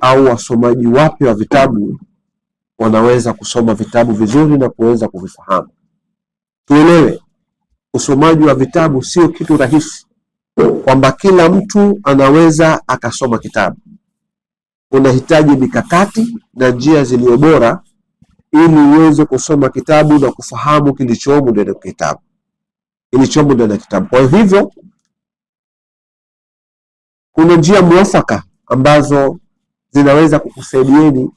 au wasomaji wapya wa vitabu wanaweza kusoma vitabu vizuri na kuweza kuvifahamu. Tuelewe, usomaji wa vitabu sio kitu rahisi, kwamba kila mtu anaweza akasoma kitabu. Unahitaji mikakati na njia zilizo bora ili uweze kusoma kitabu na kufahamu kilichomo ndani ya kitabu, kilichomo ndani ya kitabu. Kwa hivyo kuna njia mwafaka ambazo zinaweza kukusaidieni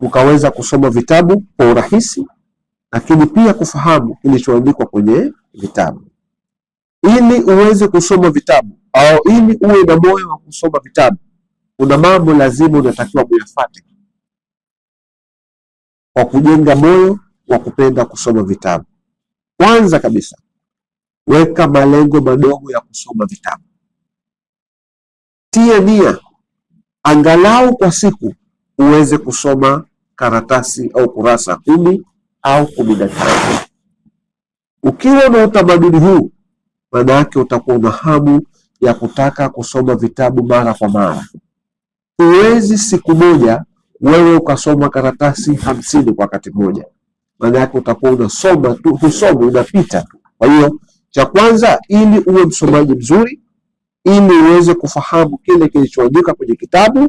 ukaweza kusoma vitabu kwa urahisi, lakini pia kufahamu kilichoandikwa kwenye vitabu. Ili uweze kusoma vitabu au ili uwe na moyo wa kusoma vitabu, kuna mambo lazima unatakiwa kuyafate kwa kujenga moyo wa kupenda kusoma vitabu. Kwanza kabisa, weka malengo madogo ya kusoma vitabu, tia nia angalau kwa siku uweze kusoma karatasi au kurasa kumi au kumi na tano. Ukiwa na utamaduni huu, maana yake utakuwa na hamu ya kutaka kusoma vitabu mara kwa mara. Huwezi siku moja wewe ukasoma karatasi hamsini kwa wakati mmoja, maana yake utakuwa unasoma tu, husomi unapita tu. Kwa hiyo cha kwanza, ili uwe msomaji mzuri ili uweze kufahamu kile kilichoandika kwenye kitabu,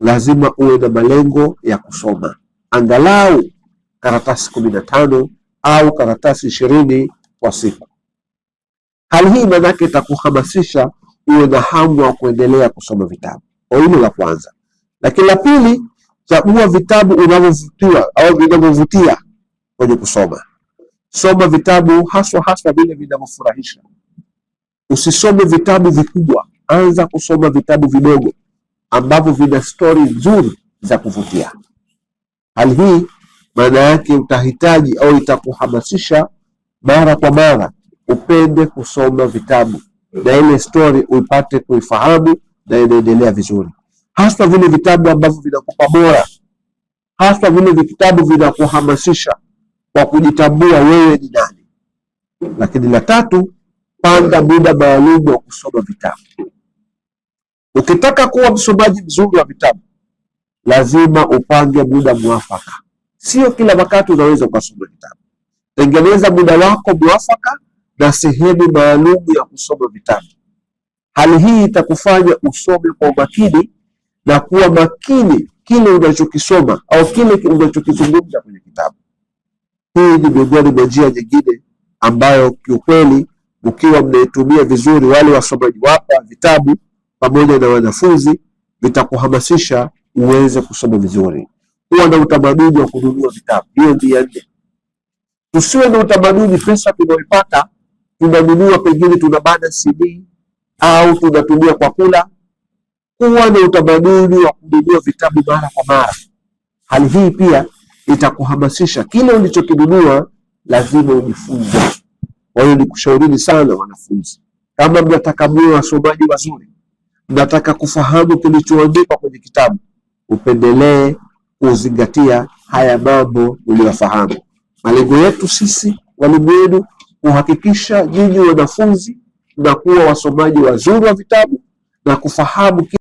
lazima uwe na malengo ya kusoma angalau karatasi kumi na tano au karatasi ishirini kwa siku. Hali hii maanake itakuhamasisha uwe na hamu ya kuendelea kusoma vitabu. Hilo la kwanza, lakini la pili, chagua vitabu unavyovutiwa au vinavyovutia kwenye kusoma. Soma vitabu haswa haswa vile vinavyofurahisha. Usisome vitabu vikubwa, anza kusoma vitabu vidogo ambavyo vina stori nzuri za kuvutia. Hali hii maana yake utahitaji au itakuhamasisha mara kwa mara upende kusoma vitabu na ile stori uipate kuifahamu na inaendelea vizuri, hasa vile vitabu ambavyo vinakupa bora, hasa vile vitabu vinakuhamasisha kwa kujitambua wewe ni nani. Lakini la tatu panga muda maalum wa kusoma vitabu. Ukitaka kuwa msomaji mzuri wa vitabu, lazima upange muda mwafaka. Sio kila wakati unaweza ukasoma vitabu. Tengeneza muda wako mwafaka na sehemu maalum ya kusoma vitabu. Hali hii itakufanya usome kwa umakini na kuwa makini kile unachokisoma au kile unachokizungumza kwenye kitabu. Hii ni miongoni mwa njia nyingine ambayo kiukweli mkiwa mnaitumia vizuri, wale wasomaji wapa vitabu pamoja na wanafunzi, vitakuhamasisha uweze kusoma vizuri. Kuwa na utamaduni wa kununua vitabu, hiyo ni ya nne. Tusiwe na utamaduni, pesa tunaoipata tunanunua, pengine tunabana CD au tunatumia kwa kula. Kuwa na utamaduni wa kununua vitabu mara kwa mara, hali hii pia itakuhamasisha kile ulichokinunua lazima ujifunze. Kwa hiyo nikushaurini sana wanafunzi, kama mnataka mwe wasomaji wazuri, mnataka kufahamu kilichoandikwa kwenye kitabu, upendelee kuzingatia haya mambo uliyofahamu. Malengo yetu sisi walimu wenu kuhakikisha nyinyi wanafunzi mnakuwa wasomaji wazuri wa vitabu na kufahamu